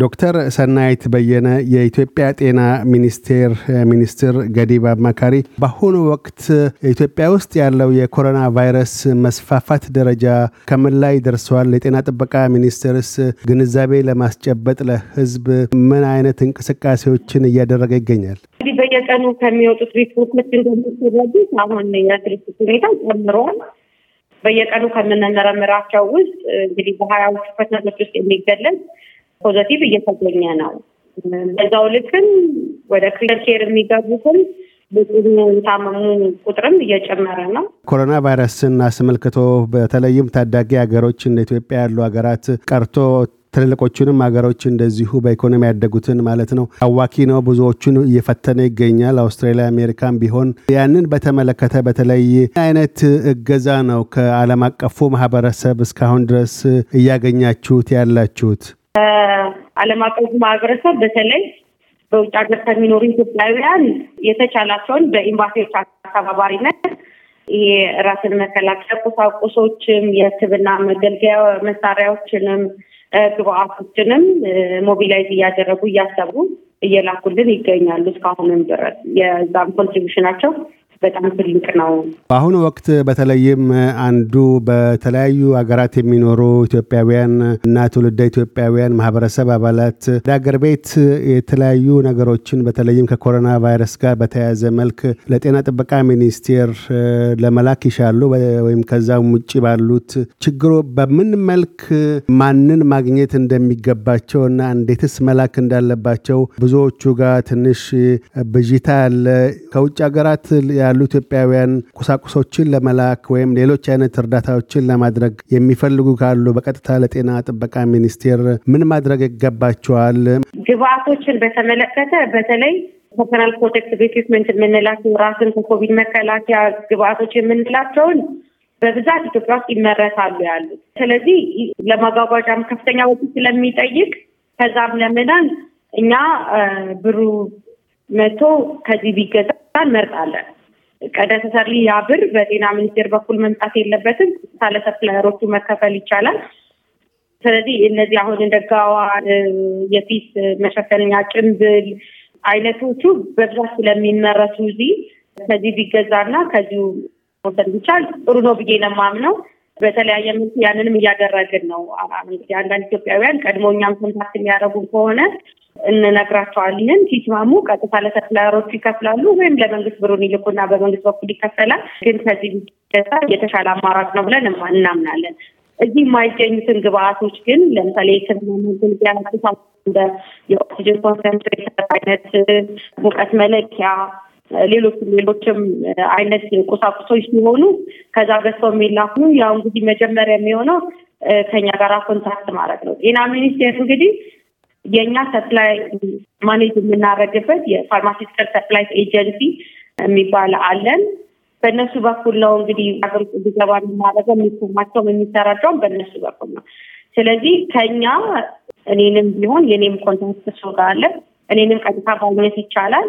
ዶክተር ሰናይት በየነ የኢትዮጵያ ጤና ሚኒስቴር ሚኒስትር ገዲብ አማካሪ፣ በአሁኑ ወቅት ኢትዮጵያ ውስጥ ያለው የኮሮና ቫይረስ መስፋፋት ደረጃ ከምን ላይ ደርሰዋል? የጤና ጥበቃ ሚኒስቴርስ ግንዛቤ ለማስጨበጥ ለሕዝብ ምን አይነት እንቅስቃሴዎችን እያደረገ ይገኛል? እንግዲህ በየቀኑ ከሚወጡት ሪፖርቶች እንደሚረዱት አሁን የስርጭት ሁኔታ ጨምረዋል። በየቀኑ ከምንመረምራቸው ውስጥ እንግዲህ በሀያዎቹ ፐርሰንቶች ውስጥ የሚገለጽ ፖዘቲቭ እየተገኘ ነው። በዛው ልክም ወደ ክር ኬር የሚገቡትም ታመሙ ቁጥርም እየጨመረ ነው። ኮሮና ቫይረስን አስመልክቶ በተለይም ታዳጊ ሀገሮች እንደ ኢትዮጵያ ያሉ ሀገራት ቀርቶ ትልልቆቹንም ሀገሮች እንደዚሁ በኢኮኖሚ ያደጉትን ማለት ነው አዋኪ ነው፣ ብዙዎቹን እየፈተነ ይገኛል። አውስትራሊያ፣ አሜሪካን ቢሆን ያንን በተመለከተ በተለይ አይነት እገዛ ነው ከዓለም አቀፉ ማህበረሰብ እስካሁን ድረስ እያገኛችሁት ያላችሁት? ዓለም አቀፉ ማህበረሰብ በተለይ በውጭ ሀገር ከሚኖሩ ኢትዮጵያውያን የተቻላቸውን በኤምባሲዎች አስተባባሪነት ይሄ ራስን መከላከያ ቁሳቁሶችም የሕክምና መገልገያ መሳሪያዎችንም ግብአቶችንም ሞቢላይዝ እያደረጉ እያሰቡ እየላኩልን ይገኛሉ። እስካሁንም ድረስ የዛም ኮንትሪቢሽናቸው በጣም ትልቅ ነው። በአሁኑ ወቅት በተለይም አንዱ በተለያዩ ሀገራት የሚኖሩ ኢትዮጵያውያን እና ትውልደ ኢትዮጵያውያን ማህበረሰብ አባላት ለሀገር ቤት የተለያዩ ነገሮችን በተለይም ከኮሮና ቫይረስ ጋር በተያያዘ መልክ ለጤና ጥበቃ ሚኒስቴር ለመላክ ይሻሉ ወይም ከዛም ውጭ ባሉት ችግሩ በምን መልክ ማንን ማግኘት እንደሚገባቸው እና እንዴትስ መላክ እንዳለባቸው ብዙዎቹ ጋር ትንሽ ብዥታ አለ። ከውጭ ሀገራት ያሉ ኢትዮጵያውያን ቁሳቁሶችን ለመላክ ወይም ሌሎች አይነት እርዳታዎችን ለማድረግ የሚፈልጉ ካሉ በቀጥታ ለጤና ጥበቃ ሚኒስቴር ምን ማድረግ ይገባቸዋል? ግብአቶችን በተመለከተ በተለይ ፐርሰናል ፕሮቴክቲቭ ኢኩፕመንት የምንላቸው ራስን ከኮቪድ መከላከያ ግብአቶች የምንላቸውን በብዛት ኢትዮጵያ ውስጥ ይመረታሉ ያሉ። ስለዚህ ለማጓጓዣም ከፍተኛ ወጪ ስለሚጠይቅ ከዛም ለምናን እኛ ብሩ መቶ ከዚህ ቢገዛ እንመርጣለን። ከደሰሰርሊ ያ ብር በጤና ሚኒስቴር በኩል መምጣት የለበትም። ሳለሰፕላየሮቹ መከፈል ይቻላል። ስለዚህ እነዚህ አሁን እንደ ጋዋ የፊት መሸፈንኛ ጭንብል አይነቶቹ በብዛት ስለሚመረቱ እዚህ ከዚህ ቢገዛና ከዚሁ ወሰድ ይቻል ጥሩ ነው ብዬ ነው የማምነው። በተለያየ ምት ያንንም እያደረግን ነው። እንግዲህ አንዳንድ ኢትዮጵያውያን ቀድሞ እኛም ኮንታክት የሚያደርጉን ከሆነ እንነግራቸዋለን። ሲስማሙ ቀጥታ ለተክላሮች ይከፍላሉ ወይም ለመንግስት ብሩን ይልኩና በመንግስት በኩል ይከፈላል። ግን ከዚህ ደሳ የተሻለ አማራጭ ነው ብለን እናምናለን። እዚህ የማይገኙትን ግብአቶች ግን ለምሳሌ ክምናመንግል መገልገያ እንደ የኦክሲጅን ኮንሰንትሬተር አይነት ሙቀት መለኪያ ሌሎች ሌሎችም አይነት ቁሳቁሶች ሲሆኑ ከዛ ገዝተው የሚላኩ ያው እንግዲህ መጀመሪያ የሚሆነው ከኛ ጋር ኮንታክት ማድረግ ነው። ጤና ሚኒስቴር እንግዲህ የእኛ ሰፕላይ ማኔጅ የምናደርግበት የፋርማሲስቲካል ሰፕላይ ኤጀንሲ የሚባል አለን። በእነሱ በኩል ነው እንግዲህ አገር ውስጥ እንዲገባ የምናደርገው የሚሰማቸውም የሚሰራጨውም በእነሱ በኩል ነው። ስለዚህ ከኛ እኔንም ቢሆን የኔም ኮንታክት ሰው ጋር አለ። እኔንም ቀጥታ ማግኘት ይቻላል።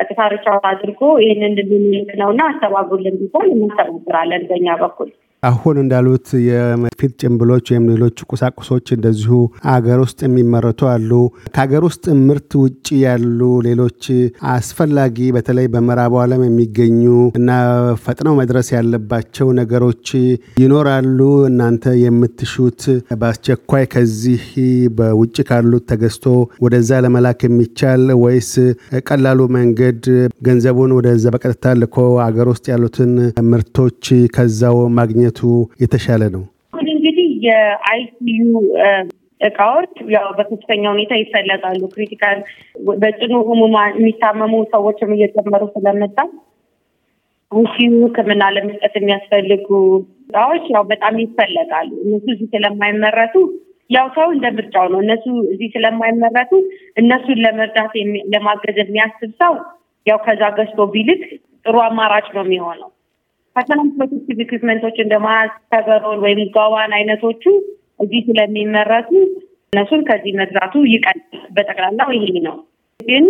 ቀጥታ ሪቻርጅ አድርጎ ይህንን ልንልክ ነው እና አስተባብሩልን ቢሆን እናስተባብራለን በእኛ በኩል። አሁን እንዳሉት የፊት ጭንብሎች ወይም ሌሎች ቁሳቁሶች እንደዚሁ አገር ውስጥ የሚመረቱ አሉ። ከሀገር ውስጥ ምርት ውጭ ያሉ ሌሎች አስፈላጊ በተለይ በምዕራቡ ዓለም የሚገኙ እና ፈጥነው መድረስ ያለባቸው ነገሮች ይኖራሉ። እናንተ የምትሹት በአስቸኳይ ከዚህ በውጭ ካሉት ተገዝቶ ወደዛ ለመላክ የሚቻል ወይስ ቀላሉ መንገድ ገንዘቡን ወደዛ በቀጥታ ልኮ አገር ውስጥ ያሉትን ምርቶች ከዛው ማግኘት ማግኘቱ የተሻለ ነው? እንግዲህ የአይሲዩ እቃዎች ያው በከፍተኛ ሁኔታ ይፈለጋሉ። ክሪቲካል በጽኑ ህሙማን የሚታመሙ ሰዎችም እየጨመሩ ስለመጣ ውሲዩ ሕክምና ለመስጠት የሚያስፈልጉ እቃዎች ያው በጣም ይፈለጋሉ። እነሱ እዚህ ስለማይመረቱ ያው ሰው እንደ ምርጫው ነው። እነሱ እዚህ ስለማይመረቱ እነሱን ለመርዳት ለማገዝ የሚያስብ ሰው ያው ከዛ ገዝቶ ቢልክ ጥሩ አማራጭ ነው የሚሆነው። ከሰላም ፕሮቴክቲቭ ኢኩዊፕመንቶች እንደ ማስክ፣ ከበሮን ወይም ጋዋን አይነቶቹ እዚህ ስለሚመረቱ እነሱን ከዚህ መግዛቱ ይቀል በጠቅላላው ይሄ ነው። ግን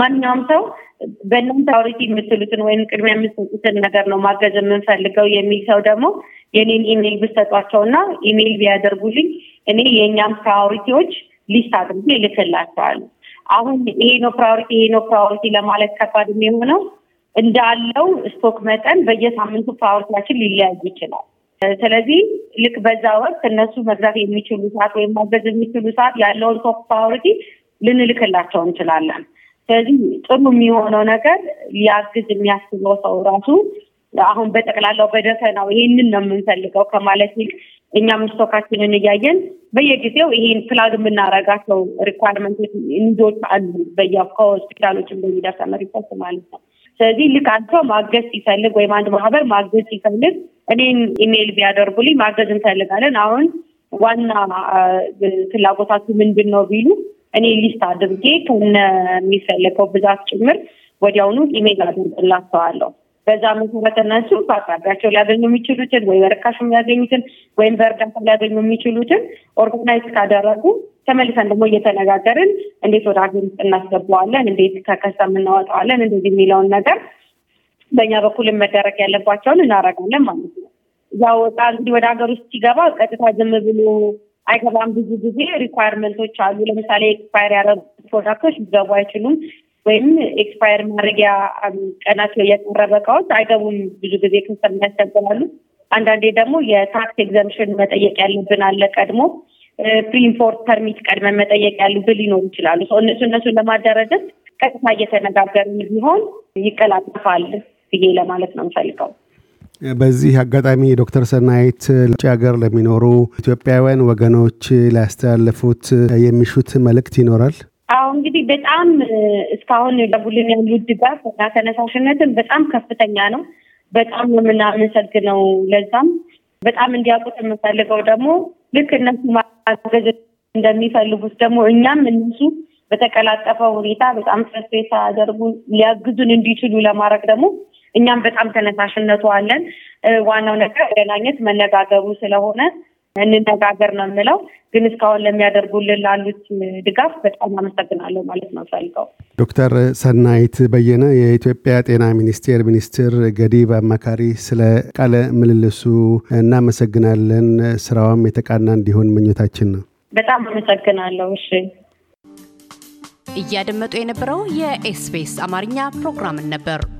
ማንኛውም ሰው በእናንተ አውሪቲ የምትሉትን ወይም ቅድሚያ የምትሰጡትን ነገር ነው ማገዝ የምንፈልገው የሚል ሰው ደግሞ የኔን ኢሜይል ብሰጧቸው እና ኢሜይል ቢያደርጉልኝ እኔ የእኛም ፕራዮሪቲዎች ሊስት አድርጌ ይልክላቸዋል። አሁን ይሄ ነው ፕራዮሪቲ ይሄ ነው ፕራዮሪቲ ለማለት ከባድ የሚሆነው እንዳለው ስቶክ መጠን በየሳምንቱ ፓወርታችን ሊለያዩ ይችላል። ስለዚህ ልክ በዛ ወቅት እነሱ መግዛት የሚችሉ ሰዓት ወይም ማገዝ የሚችሉ ሰዓት ያለውን ቶፕ ፓወርቲ ልንልክላቸው እንችላለን። ስለዚህ ጥሩ የሚሆነው ነገር ሊያግዝ የሚያስበው ሰው ራሱ አሁን በጠቅላላው በደፈናው ይሄንን ነው የምንፈልገው ከማለት ይልቅ እኛም ስቶካችንን እያየን በየጊዜው ይሄን ፕላግ የምናረጋቸው ሪኳርመንቶች ኒዶች አሉ በየ ከሆስፒታሎች እንደሚደርሰ ሪፖርት ማለት ነው። ስለዚህ ልክ አንድ ሰው ማገዝ ሲፈልግ ወይም አንድ ማህበር ማገዝ ሲፈልግ እኔን ኢሜይል ቢያደርጉልኝ ማገዝ እንፈልጋለን፣ አሁን ዋና ፍላጎታችሁ ምንድን ነው ቢሉ እኔ ሊስት አድርጌ ከነ የሚፈለገው ብዛት ጭምር ወዲያውኑ ኢሜይል አድርግላቸዋለሁ። በዛ መሰረት እነሱ በአቅራቢያቸው ሊያገኙ የሚችሉትን ወይ በርካሽ የሚያገኙትን ወይም በእርዳታ ሊያገኙ የሚችሉትን ኦርጋናይዝ ካደረጉ ተመልሰን ደግሞ እየተነጋገርን እንዴት ወደ ሀገር ውስጥ እናስገባዋለን፣ እንዴት ከከሰም እናወጣዋለን፣ እንደዚህ የሚለውን ነገር በእኛ በኩልም መደረግ ያለባቸውን እናደርጋለን ማለት ነው። ያው ወጣ እንግዲህ ወደ ሀገር ውስጥ ሲገባ ቀጥታ ዝም ብሎ አይገባም። ብዙ ጊዜ ሪኳየርመንቶች አሉ። ለምሳሌ ኤክስፓየር ያደረጉ ፕሮዳክቶች ሊገቡ አይችሉም። ወይም ኤክስፓየር ማድረጊያ um, ላይ የቀረበ እቃዎች አይገቡም። ብዙ ጊዜ ክስተም ያስቸግራሉ። አንዳንዴ ደግሞ የታክስ ኤግዘምሽን መጠየቅ ያለብን አለ። ቀድሞ ፕሪኢምፖርት ፐርሚት ቀድመን መጠየቅ ያሉብን ሊኖሩ ይችላሉ። እነሱ እነሱን ለማደራጀት ቀጥታ እየተነጋገርን ቢሆን ይቀላጠፋል ብዬ ለማለት ነው የምፈልገው። በዚህ አጋጣሚ ዶክተር ሰናይት ለውጭ ሀገር ለሚኖሩ ኢትዮጵያውያን ወገኖች ሊያስተላልፉት የሚሹት መልእክት ይኖራል? አሁ እንግዲህ በጣም እስካሁን ደቡልን ያሉ ድጋፍ እና ተነሳሽነትን በጣም ከፍተኛ ነው። በጣም የምናመሰግነው ለዛም በጣም እንዲያውቁት የምፈልገው ደግሞ ልክ እነሱ ማገዝ እንደሚፈልጉት ደግሞ እኛም እነሱ በተቀላጠፈ ሁኔታ በጣም ፍረስቤት ሳያደርጉ ሊያግዙን እንዲችሉ ለማድረግ ደግሞ እኛም በጣም ተነሳሽነቱ አለን። ዋናው ነገር መገናኘት መነጋገሩ ስለሆነ እንነጋገር ነው የምለው። ግን እስካሁን ለሚያደርጉልን ላሉት ድጋፍ በጣም አመሰግናለሁ ማለት ነው ፈልገው። ዶክተር ሰናይት በየነ የኢትዮጵያ ጤና ሚኒስቴር ሚኒስትር ገዲብ አማካሪ፣ ስለ ቃለ ምልልሱ እናመሰግናለን። ስራዋም የተቃና እንዲሆን ምኞታችን ነው። በጣም አመሰግናለሁ። እሺ። እያደመጡ የነበረው የኤስቢኤስ አማርኛ ፕሮግራምን ነበር።